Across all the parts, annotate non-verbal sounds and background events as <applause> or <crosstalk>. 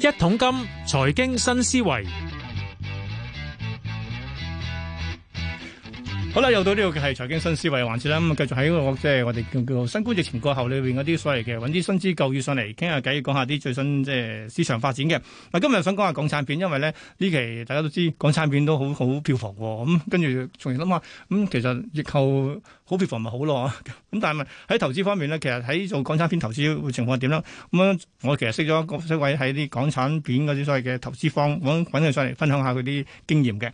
一桶金，財經新思維。好啦，又到呢個係財經新思維環節啦。咁啊，繼續喺我即係我哋叫做新冠疫情過後裏邊嗰啲所謂嘅，揾啲新知舊語上嚟傾下偈，講下啲最新即係市場發展嘅。嗱，今日想講下港產片，因為咧呢期大家都知港產片都好好票房喎。咁跟住，從嚟諗下，咁其實疫後好票房咪好咯。咁但係咪喺投資方面咧？其實喺、嗯、做港產片投資情況係點咧？咁、嗯、啊，我其實識咗各位喺啲港產片嗰啲所謂嘅投資方，揾佢上嚟分享下佢啲經驗嘅。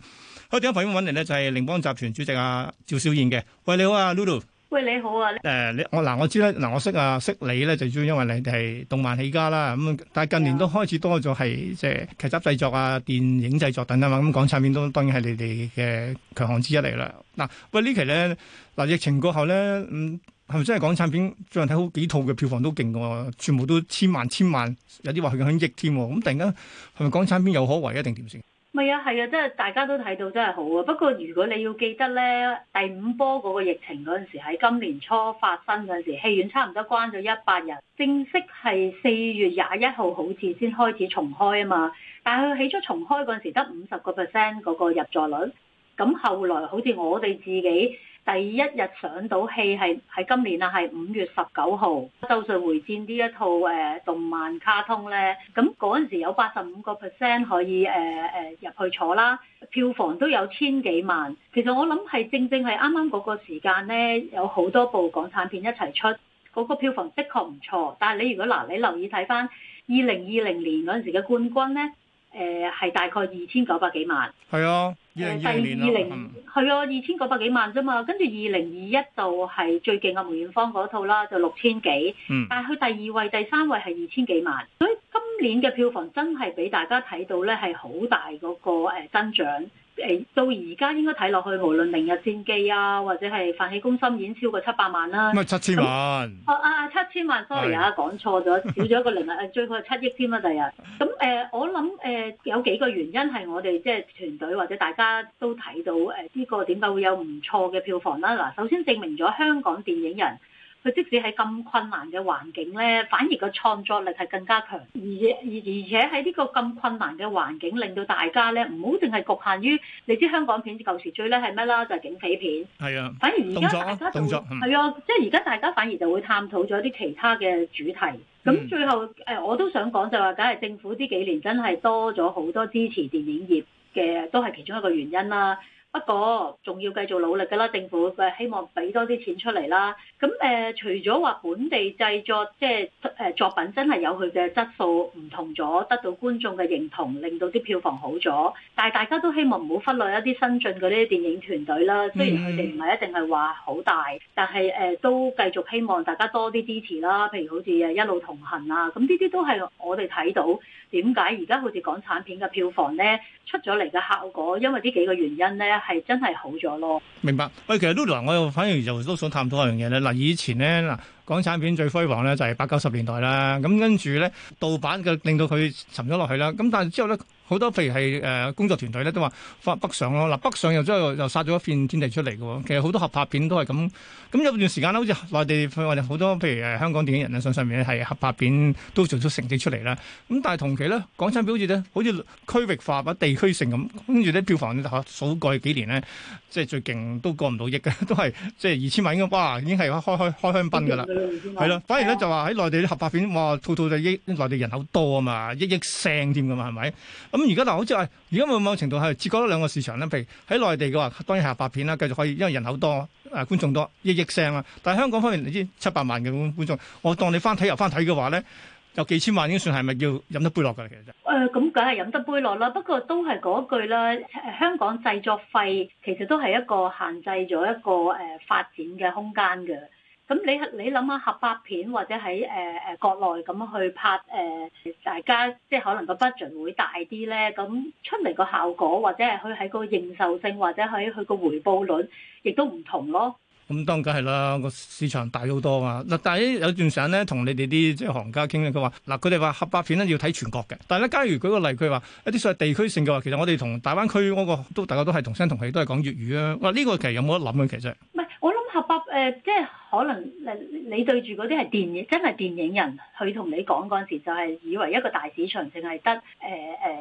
佢點解快啲揾嚟咧？就係、是、羚邦集團主席阿、啊、趙小燕嘅。喂，你好啊 Lulu。喂，你好啊。誒、呃，我嗱、呃，我知啦。嗱、呃，我識啊，識你咧，最主要因為你哋係動漫起家啦。咁、嗯、但係近年都開始多咗係即係劇集製作啊、電影製作等等嘛。咁、嗯、港產片都當然係你哋嘅強項之一嚟啦。嗱、呃，喂，呢期咧嗱疫情過後咧，嗯，係咪真係港產片最近睇好幾套嘅票房都勁喎？全部都千萬、千萬，有啲話佢響億添。咁、嗯、突然間係咪港產片有可為一定點先？咪呀，係啊，即係大家都睇到真係好啊。不過，如果你要記得咧，第五波嗰個疫情嗰陣時，喺今年初發生嗰陣時，戲院差唔多關咗一百日。正式係四月廿一號，好似先開始重開啊嘛。但係佢起初重開嗰陣時，得五十個 percent 嗰個入座率。咁後來好似我哋自己。第一日上到戲係係今年啊，係五月十九號《咒術迴戰》呢一套誒、呃、動漫卡通咧，咁嗰陣時有八十五個 percent 可以誒誒、呃呃、入去坐啦，票房都有千幾萬。其實我諗係正正係啱啱嗰個時間咧，有好多部港產片一齊出，嗰、嗰個票房的確唔錯。但係你如果嗱，你留意睇返二零二零年嗰陣時嘅冠軍咧，誒、呃、係大概二千九百幾萬。係 <music> <music> 啊。誒，第二零係啊，二千九百幾萬啫嘛，跟住二零二一就係最勁嘅梅艷芳嗰套啦，就六千幾，但係佢第二位、第三位係二千幾萬，所以今年嘅票房真係俾大家睇到咧，係好大嗰個誒增長。 <noise> <noise> <noise> <noise> <noise> <noise> 誒到而家應該睇落去，無論明日戰記啊，或者係飯戲攻心，已經超過七百萬啦。咁啊七千萬。嗯、啊啊七千萬，sorry 啊，講的錯咗，少咗一個零啊， <laughs> 最可能七億添啊第日。咁誒、呃，我諗誒、呃、有幾個原因係我哋即係團隊或者大家都睇到誒呢、呃這個點解會有唔錯嘅票房啦。嗱，首先證明咗香港電影人。佢即使喺咁困難嘅環境咧，反而個創作力係更加強，而而而且喺呢個咁困難嘅環境，令到大家咧唔好淨係局限於你知香港片舊時最叻係乜啦？就係、是、警匪片，係啊，反而而家、啊、大家就動作係啊，即係而家大家反而就會探討咗啲其他嘅主題。咁、嗯、最後誒、哎，我都想講就係話梗係政府呢幾年真係多咗好多支持電影業嘅，都係其中一個原因啦。不過仲要繼續努力㗎啦，政府係希望俾多啲錢出嚟啦。咁誒、呃，除咗話本地製作，即係誒作品真係有佢嘅質素唔同咗，得到觀眾嘅認同，令到啲票房好咗。但係大家都希望唔好忽略一啲新進嗰啲電影團隊啦。雖然佢哋唔係一定係話好大，但係誒、呃、都繼續希望大家多啲支持啦。譬如好似誒一路同行啊，咁呢啲都係我哋睇到。點解，而家好似港產片嘅票房咧，出咗嚟嘅效果，因為呢幾個原因咧，係真係好咗咯。明白。喂，其實 Lulu 我又反而就都想探討一樣嘢咧。嗱，以前咧，嗱港產片最輝煌咧就係八九十年代啦，咁跟住咧盜版嘅令到佢沉咗落去啦。咁但係之後咧。好多譬如係誒工作團隊咧都話發北上咯，嗱北上又真係又殺咗一片天地出嚟嘅。其實好多合拍片都係咁，咁有段時間咧，好似內地好多譬如誒香港電影人啊上上面咧係合拍片都做出成績出嚟啦。咁但係同期咧，港產片好似咧好似區域化或者地區性咁，跟住啲票房咧嚇數過去幾年咧，即係最勁都過唔到億嘅，都係即係二千萬已經哇已經係開開開香檳嘅啦，係咯、嗯嗯嗯。反而咧、嗯、就話喺內地啲合拍片哇套套就億內地人口多啊嘛，億億聲添㗎嘛係咪？是咁而家嗱，好似話，而家冇某程度係切割咗兩個市場啦。譬如喺內地嘅話，當然係八片啦，繼續可以，因為人口多，誒觀眾多，億億聲啦。但係香港方面，你知七百萬嘅觀觀眾，我當你翻睇又翻睇嘅話咧，有幾千萬已經算係咪要飲得杯落㗎喇？其實誒，咁梗係飲得杯落啦。不過都係嗰句啦，香港製作費其實都係一個限制咗一個誒發展嘅空間嘅。咁你係你諗下合拍片或者喺誒誒國內咁去拍誒，大家即係可能個 budget 會大啲咧，咁出嚟個效果或者係佢喺個認受性或者喺佢個回報率亦都唔同咯。咁當然梗係啦，個市場大好多啊！嗱，但係有段時間咧，同你哋啲即係行家傾咧，佢話嗱，佢哋話合拍片咧要睇全國嘅。但係咧，假如舉個例，佢話一啲所謂地區性嘅話，其實我哋同大灣區嗰個都大家都係同聲同氣，都係講粵語啊。哇！呢個其實有冇得諗啊其實？誒，即係可能你對住嗰啲係電影，真係電影人，佢同你講嗰陣時，就係以為一個大市場淨係得誒誒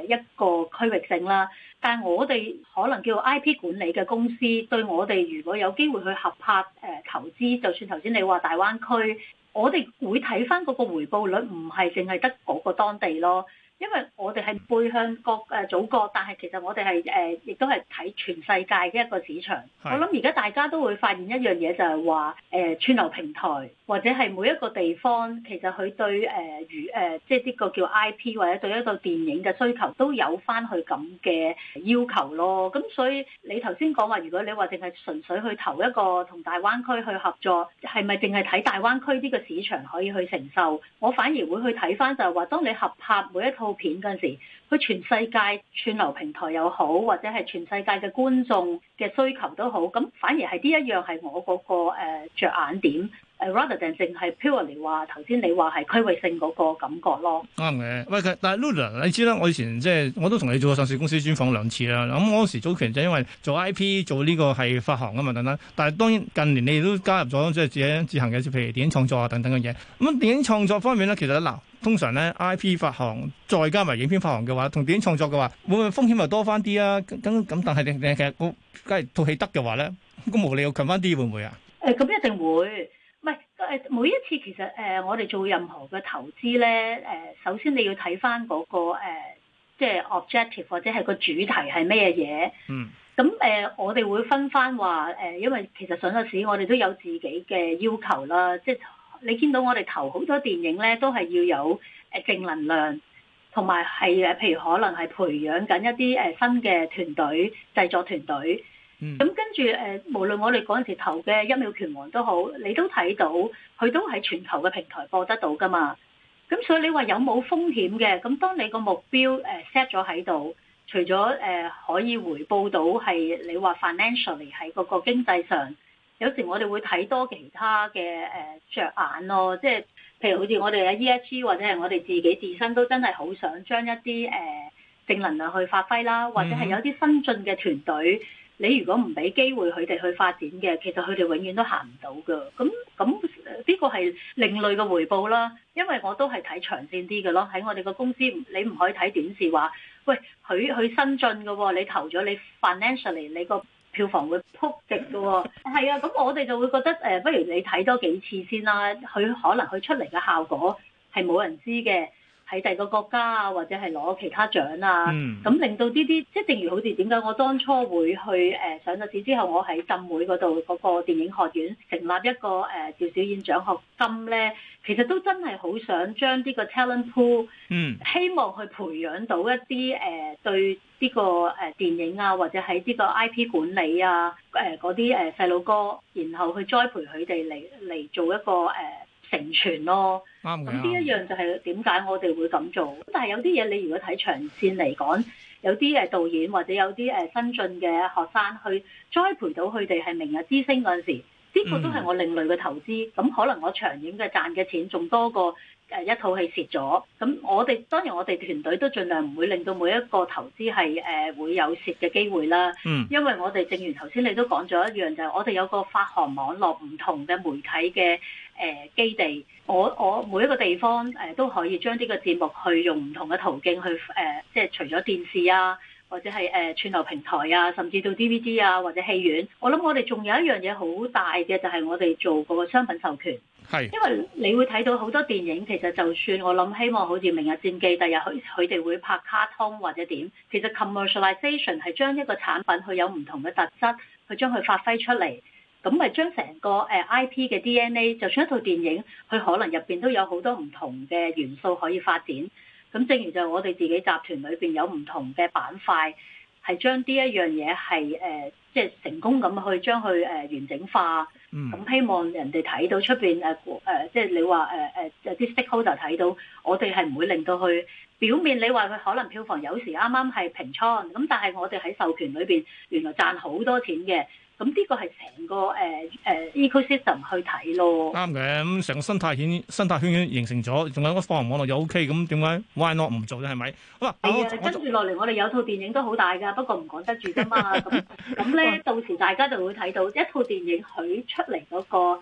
一個區域性啦。但係我哋可能叫 IP 管理嘅公司，對我哋如果有機會去合拍誒投資，就算頭先你話大灣區，我哋會睇返嗰個回報率，唔係淨係得嗰個當地咯。因為我哋係背向國誒、呃、祖國，但係其實我哋係誒亦都係睇全世界嘅一個市場。的我諗而家大家都會發現一樣嘢就係話誒串流平台或者係每一個地方，其實佢對誒娛誒即係呢個叫 I P 或者對一個電影嘅需求都有翻佢咁嘅要求咯。咁所以你頭先講話，如果你話淨係純粹去投一個同大灣區去合作，係咪淨係睇大灣區呢個市場可以去承受？我反而會去睇翻就係話，當你合拍每一套。片陣時，佢全世界串流平台又好，或者係全世界嘅觀眾嘅需求都好，咁反而係呢一樣係我嗰、那個誒、呃、着眼點。呃、rather than 淨係 purely 嚟話頭先，你話係區域性嗰個感覺咯。可能嘅、啊，喂，但係 Luna，你知啦，我以前即係我都同你做過上市公司專訪兩次啦。咁、嗯、嗰時早期就因為做 IP 做呢個係發行啊嘛等等，但係當然近年你都加入咗即係自己自行嘅，譬如電影創作啊等等嘅嘢。咁、嗯、電影創作方面咧，其實嗱，通常咧，IP 發行再加埋影片發行嘅話，同電影創作嘅話，會唔會風險又多翻啲啊？咁咁，但係你其實，梗係套戲得嘅話咧，咁毛利又勁翻啲，會唔會啊？誒、欸，咁一定會，唔係誒。每一次其實誒、呃，我哋做任何嘅投資咧，誒、呃，首先你要睇翻嗰個、呃、即係 objective 或者係個主題係咩嘢。嗯。咁誒、呃，我哋會分翻話誒、呃，因為其實上咗市，我哋都有自己嘅要求啦，即係。你見到我哋投好多電影咧，都係要有誒正能量，同埋係誒，譬如可能係培養緊一啲誒新嘅團隊、製作團隊。嗯。咁跟住誒，無論我哋嗰陣時投嘅一秒拳王都好，你都睇到佢都喺全球嘅平台播得到㗎嘛？咁所以你話有冇風險嘅？咁當你個目標誒 set 咗喺度，除咗誒可以回報到係你話 financially 喺嗰個經濟上。有時我哋會睇多其他嘅誒着眼咯，即係譬如好似我哋喺 EIC 或者係我哋自己自身都真係好想將一啲誒、呃、正能量去發揮啦，或者係有啲新進嘅團隊，你如果唔俾機會佢哋去發展嘅，其實佢哋永遠都行唔到噶。咁咁呢個係另類嘅回報啦，因為我都係睇長線啲嘅咯。喺我哋個公司，你唔可以睇短視話，喂，佢佢新進嘅喎，你投咗你 financially 你個。票房會撲直㗎喎，係啊，咁我哋就會覺得誒，不如你睇多幾次先啦，佢可能佢出嚟嘅效果係冇人知嘅。喺第個國家啊，或者係攞其他獎啊，咁、嗯、令到呢啲即係正如好似點解我當初會去誒、呃、上咗市之後，我喺浸會嗰度嗰個電影學院成立一個誒、呃、趙小燕獎學金咧，其實都真係好想將呢個 talent pool、嗯、希望去培養到一啲誒、呃、對呢、這個誒、呃、電影啊，或者喺呢個 IP 管理啊誒嗰啲誒細路哥，然後去栽培佢哋嚟嚟做一個誒、呃成全咯，咁呢一樣就係點解我哋會咁做。但係有啲嘢你如果睇長線嚟講，有啲誒導演或者有啲誒新進嘅學生去栽培到佢哋係明日之星嗰陣時，呢個都係我另類嘅投資。咁可能我長遠嘅賺嘅錢仲多過。誒一套戲蝕咗，咁我哋當然我哋團隊都盡量唔會令到每一個投資係誒會有蝕嘅機會啦。嗯，因為我哋正如頭先你都講咗一樣，就係、是、我哋有個發行網絡，唔同嘅媒體嘅誒、呃、基地，我我每一個地方誒、呃、都可以將呢個節目去用唔同嘅途徑去誒、呃，即係除咗電視啊，或者係誒串流平台啊，甚至到 DVD 啊，或者戲院。我諗我哋仲有一樣嘢好大嘅，就係、是、我哋做個商品授權。係，是因為你會睇到好多電影，其實就算我諗希望好似明日戰記，第日佢佢哋會拍卡通或者點，其實 commercialization 係將一個產品佢有唔同嘅特質，去將佢發揮出嚟，咁咪將成個誒 IP 嘅 DNA，就算一套電影，佢可能入邊都有好多唔同嘅元素可以發展，咁正如就係我哋自己集團裏邊有唔同嘅板塊。係將呢一樣嘢係誒，即係成功咁去將佢誒、呃、完整化。咁希望人哋睇到出邊誒誒，即係你話誒誒有啲 stakeholder 就睇到，我哋係唔會令到佢表面。你話佢可能票房有時啱啱係平倉，咁但係我哋喺授權裏邊原來賺好多錢嘅。咁呢個係成個誒誒、uh, uh, ecosystem 去睇咯，啱嘅，咁成個生態圈生態圈已形成咗，仲有個發行網絡又 OK，咁點解 Why Not？唔做咧？係咪？好啊，跟住落嚟我哋有套電影都好大㗎，不過唔講得住㗎嘛。咁咁咧，到時大家就會睇到 <laughs> 一套電影佢出嚟嗰、那個誒、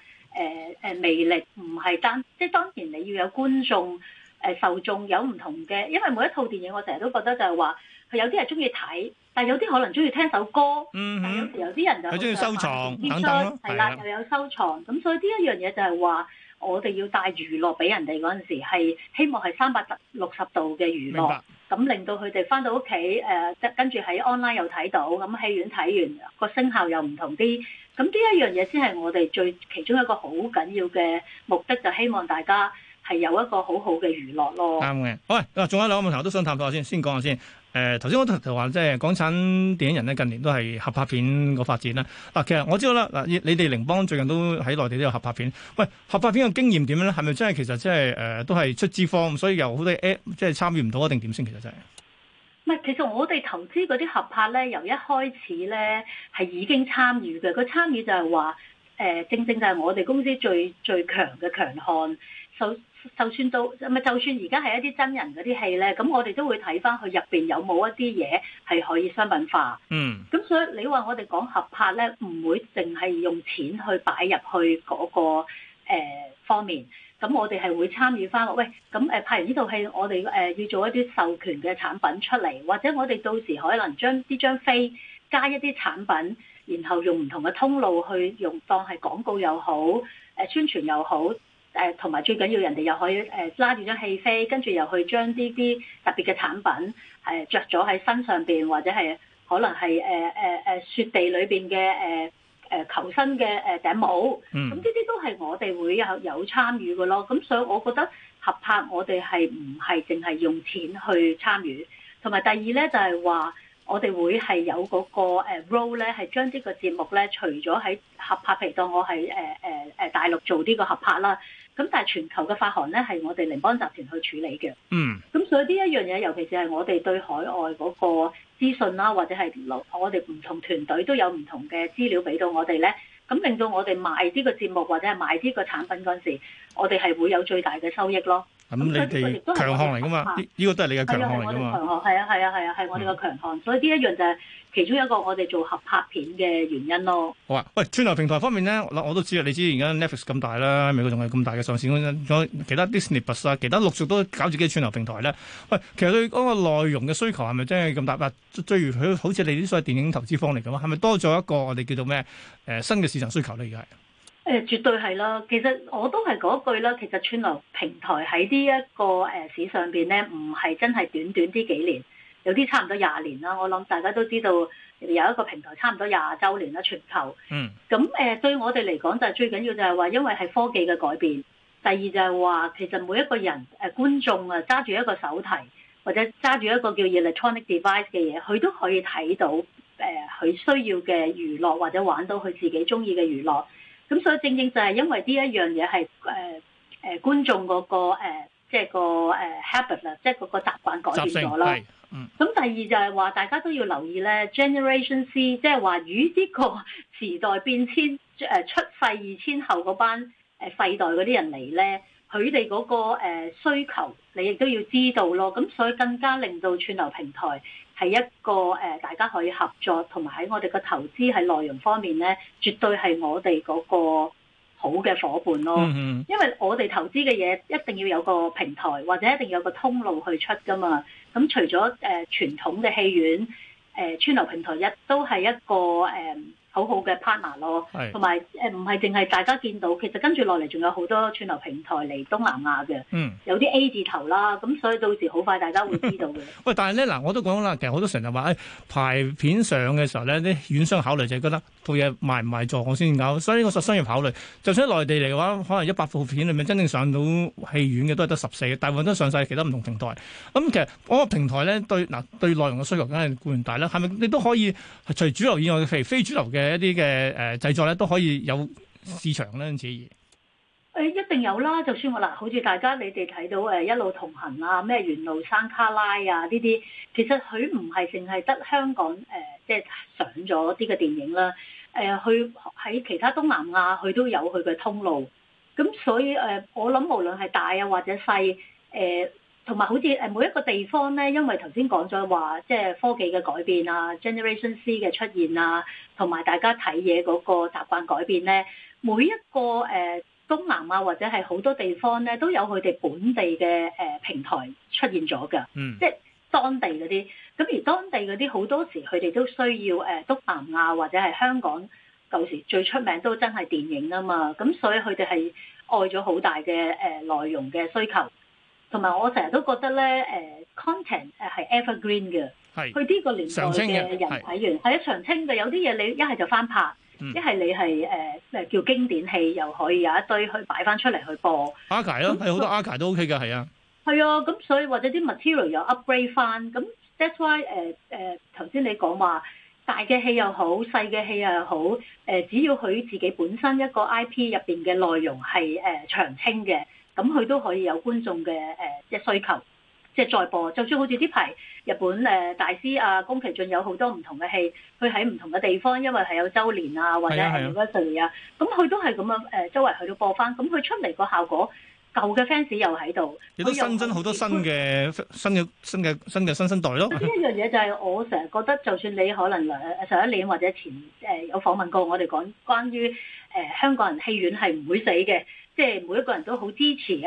呃、魅力，唔係單即係當然你要有觀眾誒、呃、受眾有唔同嘅，因為每一套電影我成日都覺得就係話佢有啲人中意睇。但有啲可能中意聽首歌，嗯、哼但有時有啲人就佢中意收藏棄等等係啦，又的、嗯、有收藏。咁的所以呢一樣嘢就係話，我哋要帶娛樂俾人哋嗰陣時，係希望係三百六十度嘅娛樂，咁白令到佢哋翻到屋企誒，跟住喺 online 又睇到，咁戲院睇完個聲效又唔同啲。咁呢一樣嘢先係我哋最其中一個好緊要嘅目的，就希望大家係有一個好好嘅娛樂咯。啱嘅，好喂，仲有兩個問題我都想探討下先，先講下先。誒，頭先、呃、我頭頭話即係港產電影人咧，近年都係合拍片個發展啦。嗱、啊，其實我知道啦，嗱、啊，你哋羚邦最近都喺內地都有合拍片。喂，合拍片嘅經驗點樣咧？係咪真係其實即係誒，都係出資方，所以有好多 A 即係參與唔到啊？定點先其實真係？唔係，其實我哋投資嗰啲合拍咧，由一開始咧係已經參與嘅。個參與就係話誒，正正就係我哋公司最最強嘅強項。首就算到咪就算而家係一啲真人嗰啲戲咧，咁我哋都會睇翻佢入邊有冇一啲嘢係可以商品化。嗯，咁所以你話我哋講合拍咧，唔會淨係用錢去擺入去嗰、嗰個、呃、方面。咁我哋係會參與翻，喂，咁誒拍完呢套戲，我哋誒、呃、要做一啲授權嘅產品出嚟，或者我哋到時可能將呢張飛加一啲產品，然後用唔同嘅通路去用當係廣告又好，誒、呃、宣傳又好。誒同埋最緊要人哋又可以誒拉住張戲飛，跟住又去將呢啲特別嘅產品誒著咗喺身上邊，或者係可能係誒誒誒雪地裏邊嘅誒誒求生嘅誒頂帽。呃、嗯，咁呢啲都係我哋會有有參與嘅咯。咁所以我覺得合拍我哋係唔係淨係用錢去參與，同埋第二咧就係話我哋會係有嗰個 role 咧，係將呢個節目咧除咗喺合拍譬如當我喺誒誒誒大陸做呢個合拍啦。咁但係全球嘅發行咧，係我哋羚邦集團去處理嘅。嗯，咁所以呢一樣嘢，尤其是係我哋對海外嗰個資訊啦、啊，或者係路，我哋唔同團隊都有唔同嘅資料俾到我哋咧。咁令到我哋賣呢個節目或者係賣呢個產品嗰陣時，我哋係會有最大嘅收益咯。咁你哋強項嚟噶嘛？呢拍個都係你嘅強項嚟噶嘛？係啊係強項，係啊係啊係啊係我哋嘅強項，嗯、所以呢一樣就係其中一個我哋做合拍片嘅原因咯。好啊，喂，串流平台方面咧，嗱我，我都知啊，你知而家 Netflix 咁大啦，美國仲係咁大嘅上市公司，其他 Disney、啊，其他陸續都搞自己嘅串流平台咧。喂，其實對嗰個內容嘅需求係咪真係咁大？啊，例如佢好似你啲所謂電影投資方嚟咁啊，係咪多咗一個我哋叫做咩誒、呃、新嘅市場需求咧？而家？誒，絕對係啦。其實我都係嗰句啦。其實串流平台喺呢一個誒、呃、市上面咧，唔係真係短短啲幾年，有啲差唔多廿年啦。我諗大家都知道有一個平台差唔多廿周年啦。全球，嗯，咁誒、呃，對我哋嚟講就係最緊要就係話，因為係科技嘅改變。第二就係話，其實每一個人誒、呃、觀眾啊，揸住一個手提或者揸住一個叫 electronic device 嘅嘢，佢都可以睇到誒佢、呃、需要嘅娛樂或者玩到佢自己中意嘅娛樂。咁所以正正就係因為呢一樣嘢係誒誒觀眾嗰個誒即係個誒 habit 啦，即係嗰個習慣改變咗啦。嗯。咁第二就係話大家都要留意咧，Generation C，即係話與呢個時代變遷誒出世二千後嗰班誒廢代嗰啲人嚟咧，佢哋嗰個需求你亦都要知道咯。咁所以更加令到串流平台。係一個誒、呃，大家可以合作，同埋喺我哋嘅投資喺內容方面咧，絕對係我哋嗰個好嘅夥伴咯。 <noise> 因為我哋投資嘅嘢，一定要有個平台，或者一定要有個通路去出噶嘛。咁除咗誒傳統嘅戲院，誒、呃，串流平台亦都係一個誒。呃好好嘅 partner 咯，同埋誒唔係淨係大家見到，其實跟住落嚟仲有好多串流平台嚟東南亞嘅，嗯、有啲 A 字頭啦，咁所以到時好快大家會知道嘅。 <laughs> 喂，但係咧嗱，我都講啦，其實好多成日就話排片上嘅時候咧，啲院商考慮就係覺得套嘢賣唔賣座我先至搞，所以個商業考慮。就算喺內地嚟嘅話，可能一百部片裏面真正上到戲院嘅都係得十四，嘅。大部分都上晒其他唔同平台。咁、嗯、其實嗰個平台咧對嗱、呃、對內容嘅需求梗係固然大啦，係咪？你都可以除主流以外譬如非主流嘅？一啲嘅誒製作咧都可以有市場啦，只而誒一定有啦。就算我嗱，好似大家你哋睇到誒一路同行啊，咩沿路山卡拉啊呢啲，其實佢唔係淨係得香港誒，即、呃、係、就是、上咗啲嘅電影啦。誒、呃，佢喺其他東南亞佢都有佢嘅通路。咁所以誒、呃，我諗無論係大啊或者細誒。呃同埋好似誒每一個地方咧，因為頭先講咗話，即係科技嘅改變啊，Generation C 嘅出現啊，同埋大家睇嘢嗰個習慣改變咧，每一個誒、呃、東南亞或者係好多地方咧，都有佢哋本地嘅誒、呃、平台出現咗㗎，嗯，即係當地嗰啲。咁而當地嗰啲好多時佢哋都需要誒、呃、東南亞或者係香港舊時最出名都真係電影啊嘛，咁所以佢哋係愛咗好大嘅誒、呃、內容嘅需求。同埋我成日都覺得咧，誒 content 誒係 evergreen 嘅，係，佢呢個年代嘅人睇完係長青嘅，有啲嘢你一係就翻拍，一係你係誒誒叫經典戲，又可以有一堆去擺翻出嚟去播。阿嘉咯，係好多阿嘉都 OK 㗎，係啊，係啊，咁所以或者啲 material 又 upgrade 翻，咁 that's why 誒誒頭先你講話大嘅戲又好，細嘅戲又好，誒只要佢自己本身一個 IP 入邊嘅內容係誒長青嘅。咁佢都可以有觀眾嘅誒即係需求，即係再播。就算好似呢排日本誒大師阿宮崎駿有好多唔同嘅戲，佢喺唔同嘅地方，因為係有周年啊，或者係什麼事啊，咁佢的都係咁樣誒、呃，周圍去到播翻。咁佢出嚟個效果，舊嘅 fans 又喺度，亦都新增好多新嘅新嘅新嘅新嘅新生代咯。呢一樣嘢就係我成日覺得，就算你可能上一年或者前誒、呃、有訪問過我哋講關於誒、呃、香港人戲院係唔會死嘅。即係每一個人都好支持誒誒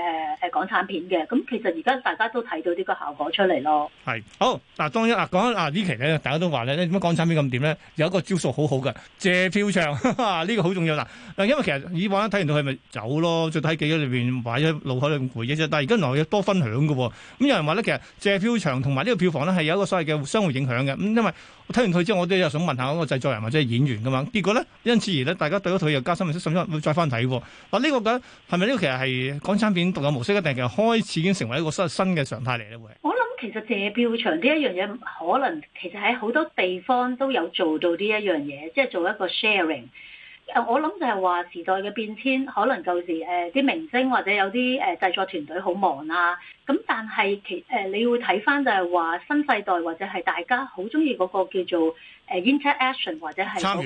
港產片嘅，咁、啊啊、其實而家大家都睇到呢個效果出嚟咯。係好嗱、啊，當然啊講啊期呢期咧，大家都話咧，點解港產片咁掂咧？有一個招數好好嘅，謝票場呢、這個好重要嗱嗱，因為其實以往睇完到佢咪走咯，再睇記憶裏邊或者腦海裏邊回憶啫。但係而家來要多分享嘅喎、哦，咁、嗯、有人話咧，其實謝票場同埋呢個票房咧係有一個所謂嘅相互影響嘅。咁、嗯、因為我睇完佢之後，我都又想問下嗰個製作人或者係演員咁嘛，結果咧，因此而咧，大家對嗰套又加深，甚至乎會再翻睇、哦。嗱、啊啊啊啊這個、呢個、啊啊啊啊啊係咪呢個其實係港產片獨有模式，一定其實開始已經成為一個新新嘅常態嚟咧？會，我諗其實謝票場呢一樣嘢，可能其實喺好多地方都有做到呢一樣嘢，即係做一個 sharing。我諗就係話時代嘅變遷，可能舊時誒啲明星或者有啲誒製作團隊好忙啊。咁但係其誒、呃、你會睇翻就係話新世代或者係大家好中意嗰個叫做誒 interaction 與或者係參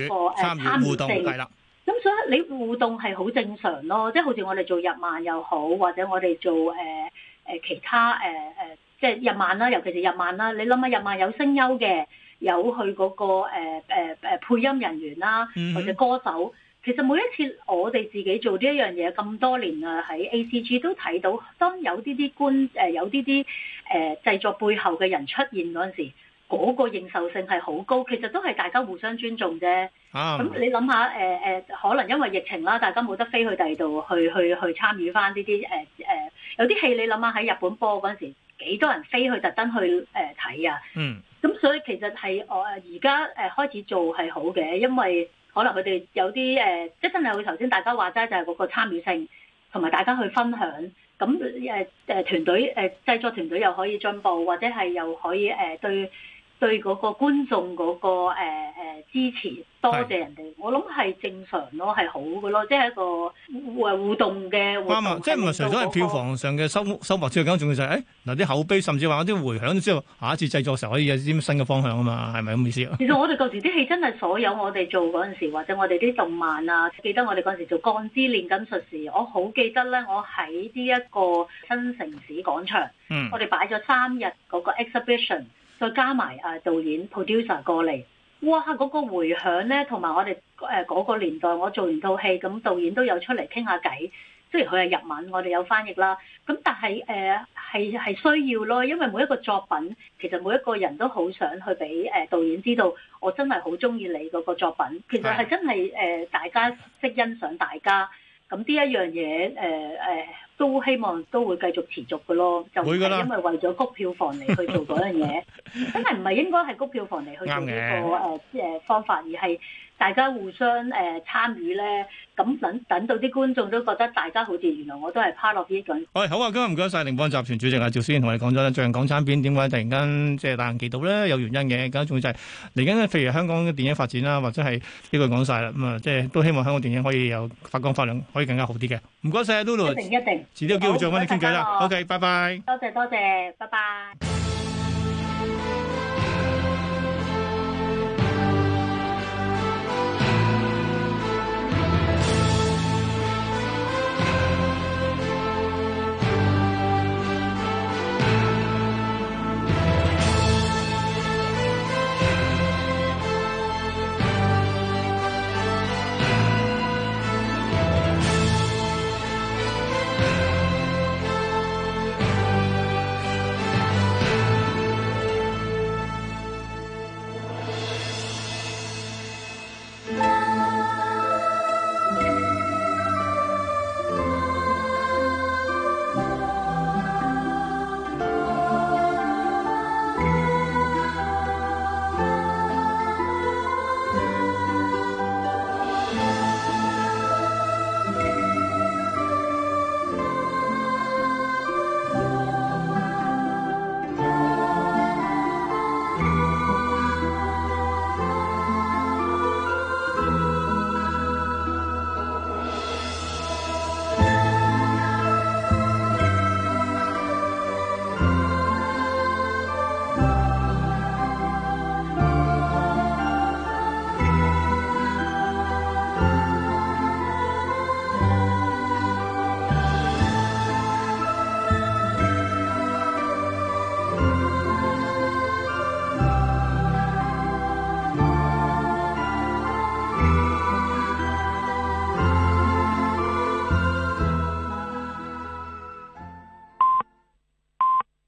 與互動啦。咁所以你互動係好正常咯，即係好似我哋做日漫又好，或者我哋做誒誒、呃呃、其他誒誒、呃，即係日漫啦，尤其是日漫啦，你諗下日漫有聲優嘅，有佢嗰、嗰個誒誒、呃呃、配音人員啦，或者歌手，其實每一次我哋自己做呢一樣嘢咁多年啊，喺 ACG 都睇到，當有啲啲觀誒有啲啲誒製作背後嘅人出現嗰時，嗰、嗰個認受性係好高，其實都係大家互相尊重啫。咁、啊、你諗下，誒、呃、誒，可能因為疫情啦，大家冇得飛去第二度去去去參與翻呢啲誒誒，有啲戲你諗下喺日本播嗰陣時，幾多人飛去特登去誒睇、呃、啊？嗯，咁所以其實係我誒而家誒開始做係好嘅，因為可能佢哋有啲誒，即、呃、係真係會頭先大家話齋就係嗰個參與性，同埋大家去分享，咁誒誒團隊誒製作團隊又可以進步，或者係又可以誒對。呃呃呃呃呃呃呃對嗰個觀眾嗰個誒誒支持，多謝人哋。我諗係正常咯，係好嘅咯，即係一個互互動嘅。啱啊！即係唔係除咗係票房上嘅收收穫之外，咁仲要就係誒嗱啲口碑，甚至話啲迴響，知道下一次製作時候可以有啲新嘅方向啊嘛？係咪咁嘅意思啊？其實我哋舊時啲戲真係所有我哋做嗰陣時，或者我哋啲動漫啊，記得我哋嗰陣時做《鋼之鍊金術師》，我好記得咧，我喺呢一個新城市廣場，嗯，我哋擺咗三日嗰個 exhibition。再加埋啊，導演 producer 過嚟，哇！嗰、那個迴響咧，同埋我哋誒嗰個年代，我做完套戲，咁導演都有出嚟傾下偈。雖然佢係日文，我哋有翻譯啦。咁但係誒係係需要咯，因為每一個作品，其實每一個人都好想去俾誒導演知道，我真係好中意你嗰個作品。其實係真係誒、呃，大家識欣賞大家。咁呢一樣嘢誒誒。呃呃都希望都會繼續持續嘅咯，就唔會因為為咗谷票房嚟去做嗰樣嘢，真係唔係應該係谷票房嚟去做呢個誒即係方法，而係。大家互相誒、呃、參與咧，咁等等到啲觀眾都覺得大家好似原來我都係趴落啲 t o 好啊，今日唔該晒。凌邦集團主席阿趙先生同我哋講咗啦，最近港產片點解突然間即係大行其道咧？有原因嘅，更加重要就係嚟緊譬如香港嘅電影發展啦，或者係呢句講晒啦，咁、嗯、啊，即係都希望香港電影可以有發光發亮，可以更加好啲嘅。唔該晒，l u l 一定一定，一定遲啲機會再揾你傾偈啦。看看 OK，拜拜。多謝多謝，拜拜。